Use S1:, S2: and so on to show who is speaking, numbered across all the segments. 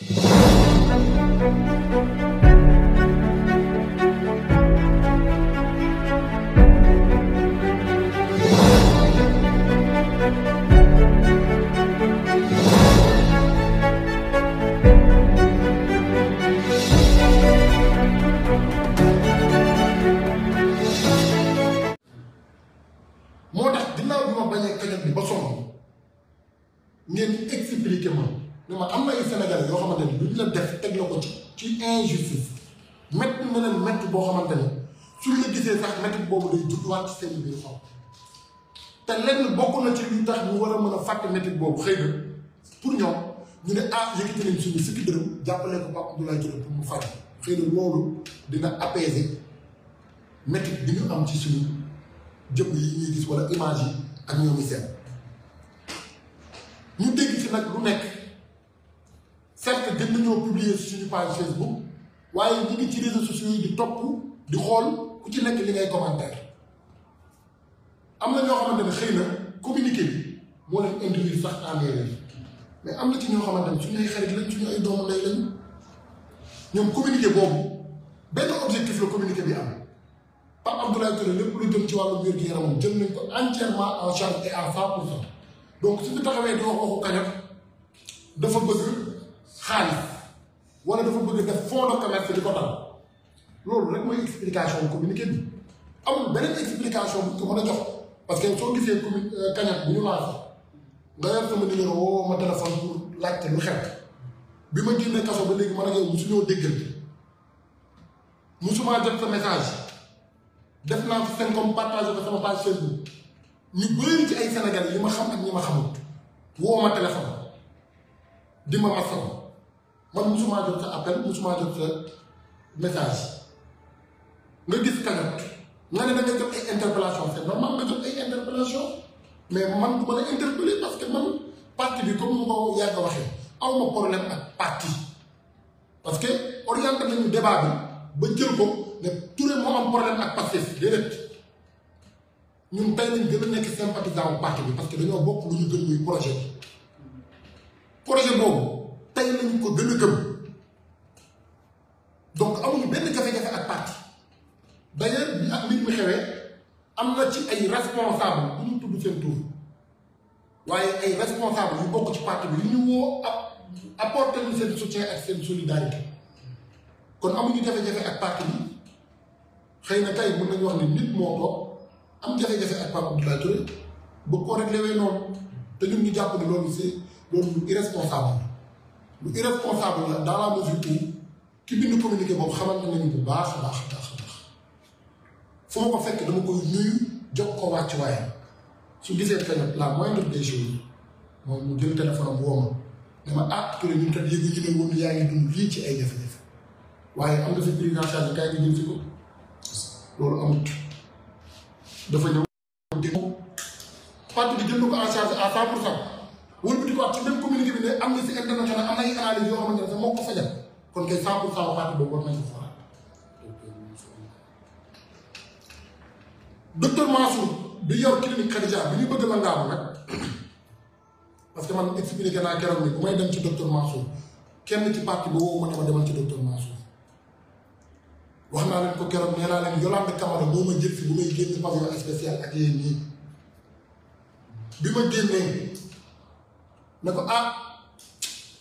S1: moo tax ginnaaw bi ma bañee kañam bi ba sonn ngeen expliqué ma mais ma am na ay Sénégalais yoo xamante ni lu ñu la def teg la ko ci ci injustice métti mu ne métti boo xamante ni suñ la gisee sax métti boobu day judduwaat ci seen biir xol te lenn bokk na ci li tax ñu war mën a fàtte métti boobu xëy pour ñoom ñu ne ah jàppale ko Pape mu fàtte xëy na dina apaiser bi ñu am ci suñu jëmm yi ñuy gis wala image yi ak ñoom i seen ñu dégg ci nag lu nekk. gën nañoo publier suñu page Facebook waaye ñu ngi ci réseaux sociaux yi di topp di xool ku ci nekk li ngay commentaire am na ñoo xamante xëy na communiqué bi moo leen induire sax en erreur mais am na ci ñoo xamante ne suñu ay xarit lañ suñu ay doomu ndey lañ ñoom communiqué boobu benn objectif la communiqué bi am Pape Abdoulaye Touré lépp lu jëm ci wàllu wér gu yaramam jël nañ ko entièrement en charge et à 100 pour cent donc su ñu taxawee di wax wala dafa bëgg def fond de commerce di ko dal loolu rek mooy explication communiqué bi amul beneen explication bu ko mën a jox parce que soo gisee euh, bu ñu lancé nga yor sama numéro woo ma téléphone pour laajte lu xew bi ma génne kaso ba léegi man ak yow musuñoo déggante jot sa message def naa fi seen comme partagé ko sama page Facebook ñu bëri ci ay Sénégalais yi ma xam ak ñi ma xamul woo ma téléphone di ma masam man musuma jot sa appel musuma jot sa message nga gis cagnotte nga ne da nga jot ay interpellation c'est normal nga jot ay interpellation mais man du ma la interpeller parce que man parti bi comme ko yàgg a waxee aw ma problème ak parti parce que orienté nañu débat bi ba jël ko ne Touré moo am problème ak Pastef déedéet ñun tey lañ gën a nekk sympathisant wu parti bi parce que dañoo bokk lu ñu gën muy projet projet boobu. nañ ko gën a gëm donc amuñu benn jafe-jafe ak parti d'ailleurs bi ak mbir xewee am na ci ay responsable bu ñu tudd seen tur waaye ay responsable yu bokk ci parti bi yu ñu woo apporter ñu seen soutien ak solidarité kon amuñu jafe-jafe ak parti bi xëy na tey mën nañu wax ni nit moo toog am jafe-jafe ak Pape Abdoulaye Touré bëgg koo réglé wee noonu te ñun ñu jàpp ne loolu c'est loolu irresponsable lu irresponsable la dans la mesure où ki bind communiqué boobu xamante nañu bu baax a baax a tax ma ko fekk dama koy nuyu jox ko wàcc waayam su gisee que nag la moindre mu jël téléphone am woo ma dama ah Touré ñun kat ne woon yaa ngi dund lii ci ay jafe-jafe waaye am nga fi prise en charge kaay nga jël si ko loolu amut dafa ñëw di jël na ko en charge à 100 pour cent wëlbu di ko wax ci même communiqué bi ne Amnesty International am na ay analyse yoo xamante ne sax moo ko sajal kon kay 100 pour 100 waxaat boobu war nañ ko xoolaat docteur Mansour bi yor clinique Khadija bi ñu bëgg la ngaabu nag parce que man expliqué naa keroog ni bu may dem ci docteur Mansour kenn ci parti bi woowu ma demal ci docteur Mansour wax naa leen ko keroog nee naa leen Yolande Camara moo ma jël fi bu may génn pavillon spécial ak yéen ñii bi ma ne ko ah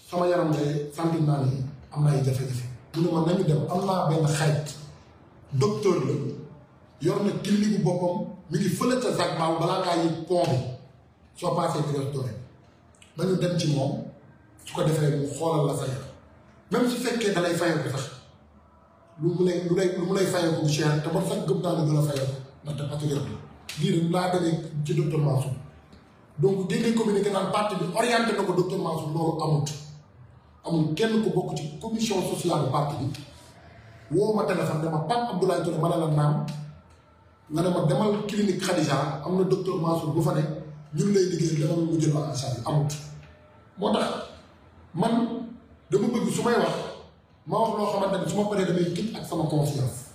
S1: sama yaram de sentiment yi am na ay jafe-jafe. mu ne ma nañu dem am naa benn xarit docteur la yor na clinique bu boppam mi ngi fële ca Zac Mbao balaa ngaa yëg pont bi soo paasee Diouf Touré nañu dem ci moom su ko defee mu xoolal la sa yaram fekkee da lay fayal ko sax. lu lu lay lu mu lay fayal ko bu cher te man sax gëm naa ne laa demee ci docteur Mansour donc dégg nga communiqué naan parti bi orienté na ko docteur Mansour loolu amut amul kenn ku bokk ci commission sociale bu parti bi woo ma téléphone dama Pape Abdoulaye Touré ma ne naam nga ne ma demal clinique Khadija am na docteur bu fa ne ñun lay amut. moo tax man dama bëgg su may wax ma wax loo xamante ne su ma paree damay kit ak sama confiance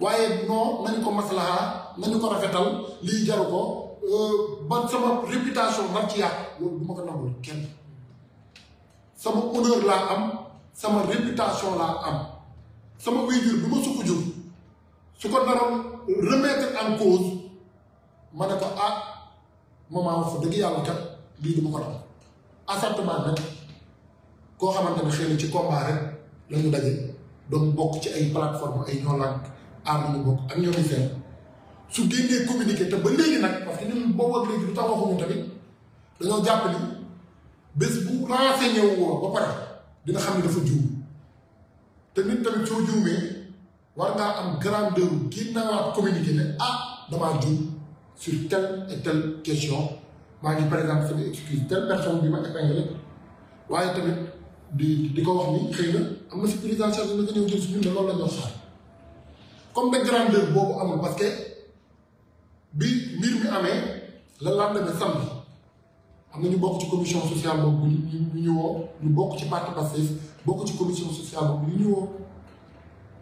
S1: waaye non nañu ko maslaha nañu ko rafetal lii jaru ko. Euh, man sama réputation man ci yàq loolu du ko nangul kenn sama honneur laa am sama réputation laa am sama waajur bi ma sukk jur su ko naroon remettre en cause ma ne ko ah maman wax fa dëgg yàlla kat lii du ko nangu assertement nag koo xamante ne xëy ci combat rek la ñu daje doon bokk ci ay plateforme ay ñoo lànk aar ñu bokk ak ñoo ngi seen su génnee communiqué te ba léegi nag parce que ñun boobu ak léegi lu tax waxuñu tamit dañoo jàpp ni bés bu renseigné woo xam ne dafa juum te nit am grandeur ginnaawaat communiqué ne ah damaa juum sur telle et telle question maa ngi par exemple sama excuse telle personne bi ma épinglé waaye tamit di di ko wax ni xëy na am na si présidentielle bi nga ñëw jël si ñun de loolu la ñu comme nag grandeur boobu amul parce que. bi mbir mi amee la lendemain samedi am na ñu bokk ci commission sociale boobu ñu ñu woo ñu bokk ci parti Pastef bokk ci commission sociale boobu ñu ñu woo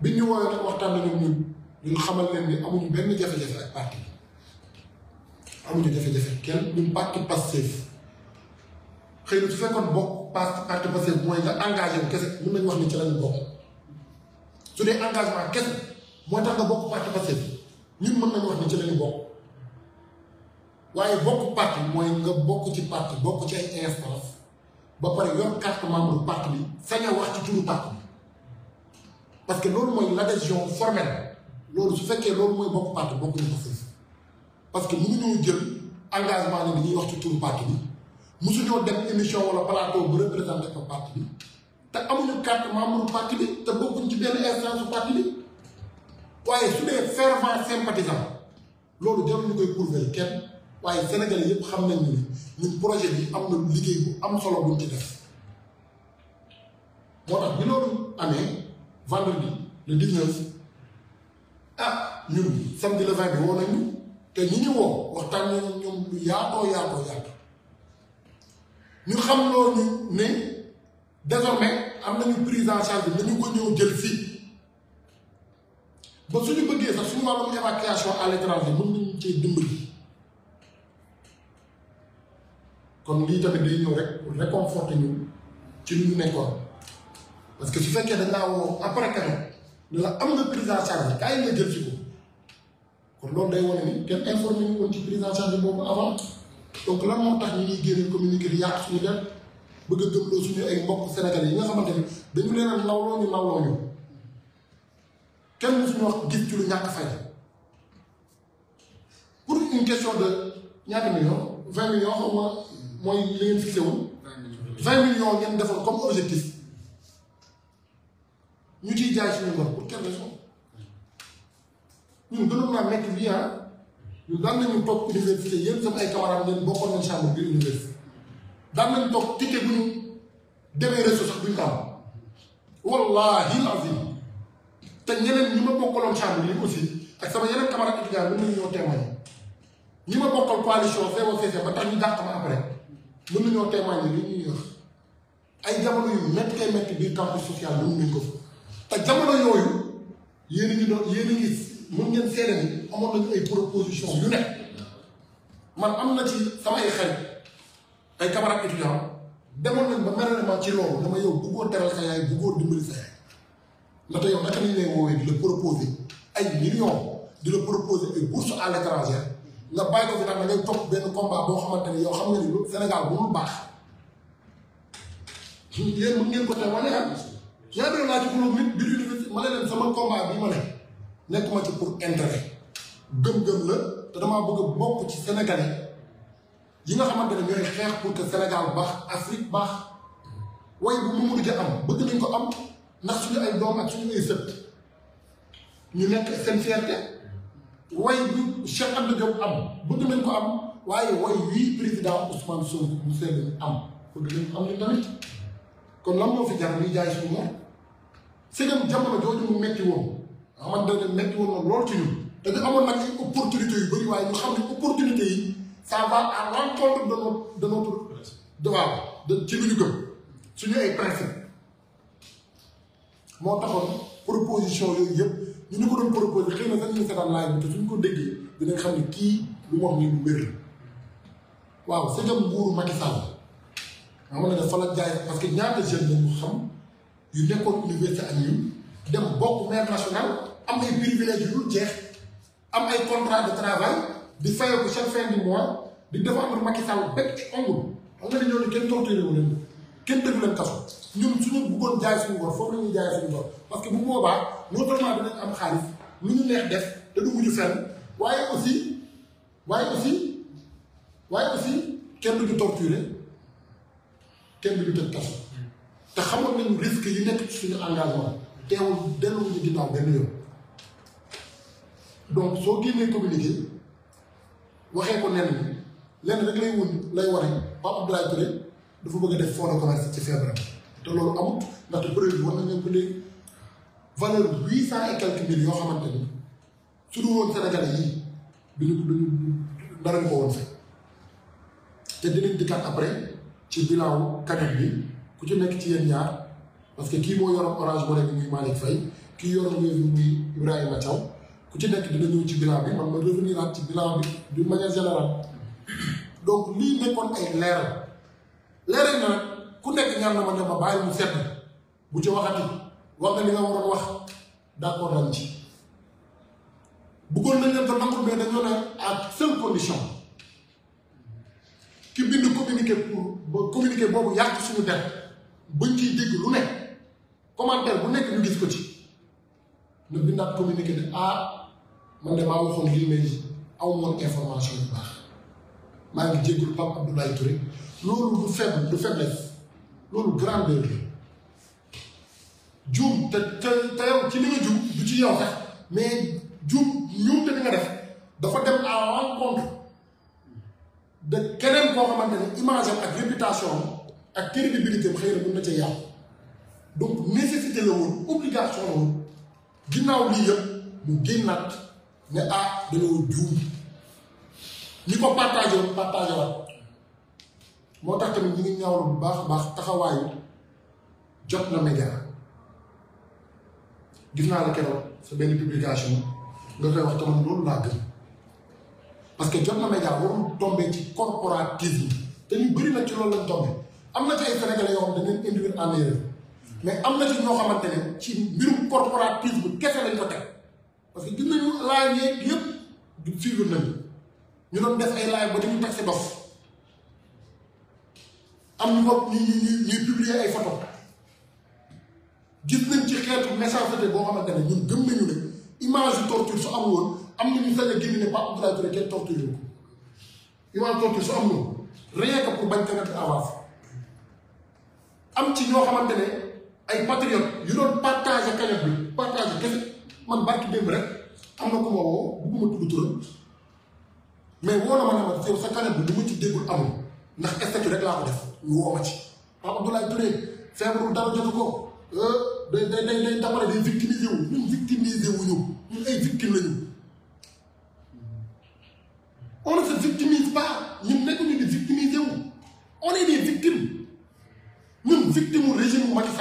S1: bi ñu woowee nag waxtaan nañu ñun ñun xamal leen ni amuñu benn jafe-jafe ak parti bi amuñu jafe-jafe kenn ñun parti Pastef xëy na su fekkoon bokk parti Pastef mooy nga engagé wu kese mën nañu wax ni ci lañu bokk su dee engagement kese mooy tax nga bokk parti Pastef ñun mën nañu wax ni ci lañu bokk. waaye bokk parti mooy nga bokk ci parti bokk ci ay instance ba pare yor carte membre parti bi sañ a wax ci turu parti bi parce que loolu mooy l'adhésion formelle loolu su fekkee loolu mooy bokk parti bokk ñu ko foofu parce que mënuñoo jël bi mosuñoo dem émission wala plateau bu représenté ko parti bi te amuñu carte membre parti bi te ci benn instance su parti bi waaye su dee fervent sympathisant loolu jarul ñu koy prouver kenn. waaye Sénégalais yëpp xam nañ ni ñun projet bi am na liggéey bu am solo buñ ci def moo tax bi loolu amee vendredi le 19 ah ñun samedi le 20 bi woo nañu te ñi ñu woo waxtaan nañ ñoom lu yaatoo yaatoo yaatoo ñu xam loolu ne désormais am nañu prise en charge bi nañu ko ñëw jël fi fii ba suñu bëggee sax suñu wàllum évacuation à l'étranger mën nañu cee dimbali. kon lii tamit day ñëw rek pour réconforter ci li ñu nekkoon parce que su fekkee dañ laa woo après kanam ne la am nga prise en charge kaay nga jël ci ko kon loolu day wane ni kenn informé ñu woon ci prise en charge boobu avant donc lan moo tax ñu ñuy génne communiqué di yàq suñu def bëgg a gëmloo suñu ay mbokk sénégalais yi nga xamante ni dañu leen a nawloo ñu nawloo ñu kenn suñu wax gis ci lu ñàkk fay pour une question de ñaata million vingt million xaw ma mooy li ngeen fixé woon. vingt millions ngeen defoon comme objectif ñu ciy jaay suñu ngor pour quelle raison ñun gënoon naa nekk fii ah ñu daan nañu toog université yéen sama ay camarades ngeen bokkoon nañ chambre biir université daan nañ toog ticket bu ñu demee réseau sax duñ ko am te ñeneen ñi ma bokkaloon chambre yi aussi ak sama yeneen camarades étudiants mën nañu ñoo témoigner ñi ma bokkal coalition COCC ba tax ñu dàq ma après. mën nañoo témoigner li ñuy wax ay jamono yu méttee métti biir campus social mën nañ ko fa te jamono yooyu yéen a ngi doon yéen a ngi mën ngeen seede ni amoon nañu ay proposition yu ne man am na ci sama ay xarit ay camarades étudiants demoon nañ ba meralema ci loolu dama yow bëggoo teral sa yaay bëggoo dimbali yaay la te yow naka lañ lay woowee di la proposer ay millions di la proposer ay bourses à l'étranger nga bàyyi ko fi nag da ngay benn combat boo xamante ni yow xam nga ni lu Sénégal mënul baax yéen mën ngeen ko tey wane ah ñaata naa ci gëm la te damaa bëgg a nga xamante ne ñooy xeex pour baax Afrique baax waaye bu mu mujj am bëgg nañ ko am ay doom ak suñu ay sët ñu nekk seen fierté. way bi Cheikh Anta Diop am bëgg nañ ko am waaye way wii président Ousmane Sonko mu seetlu am bëgg nañ ko am ni tamit moo fi jar ñuy jaay suñu mor segam jamono jooju mu metti woon aman dane metti woon na lool amoon nag ay opportunité yu bëri waaye ñu xam ne opportunité yi ça va à l'encontre de notre de notre de waaw de ci li ñu gëm suñu ay principe moo taxoon proposition yëpp ñu ñu ko doon proposé xëy na sax ñu seetaan laaj bi te suñ ko déggee dinañ xam ne kii lu wax nii lu wér waaw c'est comme nguuru Macky Sall xam nga ne fa la jaay parce que ñaata jeunes ñoo xam yu nekkoon université ak dem bokk maire am ay privilèges yu dul jeex am ay contrat de travail di fayeeku chaque fin du mois di défendre Macky Sall bekk ci ongul xam nga ne ñooñu kenn torturé wu kenn tëggu leen ñun suñu bëggoon jaay suñu bor foofu la non seulement dinañ am xaalis mu ñu neex def te du mujj fenn waaye aussi waaye aussi waaye aussi kenn du torturer kenn du tëj kaso te xamoon nañu risque yi nekk ci suñu engagement teewul delluñu ginnaaw benn yoon donc soo génnee communiqué waxee ko nenn bi lenn rek lay wun lay waree Pape Abdoulaye Touré dafa bëgg a def foo de commerce ci feebaram te loolu amut ndaxte preuve war nañ leen ko valeur huit cent et quelques mille yoo xamante ni su dul woon Sénégalais yi duñu duñu dara ñu ko woon fekk te dinañ dikkaat après ci bilan kanam bi ku ci nekk ci yéen ñaar parce que kii moo yoroon Orange Money bi muy Malick Faye kii yoroon Wave bi muy Ibrahima Thiaw ku ci nekk dina ñëw ci bilan bi man ma revenir at ci bilan bi d'une manière générale donc lii nekkoon ay leeral leeral na ku nekk ñaan na ma ne ma bàyyi mu seet bu ci wax nga li nga waroon wax d'accord nañ ci bëggoon nañ leen ko nangul mais dañoo ne à seule condition ki bind communiqué pour communiqué boobu yàq suñu der bañ ciy dégg lu nekk commentaire bu nekk ñu ci na bindaat communiqué ne ah man de maa waxoon lii mais aw moon information yu baax maa ngi jéggul Pape Abdoulaye Touré loolu du faible du faiblesse loolu grandeur la juum te te te yow ci li nga juum du ci yow sax mais juum ñun te ni nga def dafa dem à l'encontre de keneen koo xamante ne image am ak réputation ak crédibilité am xëy na mën na ca yàqu donc nécessité la woon obligation la woon ginnaaw lii yëpp mu génnaat ne ah dañoo juum ñi ko partagé woon partagé waat moo tax tamit ñu ngi ñaawlu bu baax a baax taxawaayu jot na média gis naa la keroog sa benn publication nga koy wax te loolu laa gën parce que jot na média warul tombé ci corporatisme te ñu bëri na ci loolu lañ tombé am na ci ay sénégalais yoo xam ne dañ leen induire ñoo xamante ne ci mbirum corporatisme kese lañ ko teg parce que gis nañu laaj yeeg yëpp du suivre nañu ñu doon def ay laaj ba dañu teg si dof am na ñuy ñuy ñuy publier ay photo gis nañ ci xeetu méchanceté boo xamante ne ñun gëm nañu ne image torture su am woon am nañu sañ a génn ne Pape Abdoulaye Touré kenn torture ko image torture su am woon rien que pour bañ ka nekk ci ñoo xamante ne ay patriotes yu doon partage kañat bi partage kese man barki démb rek am na ma woo bugguma mais woo na ma ne ma yow ci déggul amul ndax statut rek ko day day day damay day victimiser wu ñun victimiser wu ñu ñun ay victime lañu on ne se di victimiser wu on est des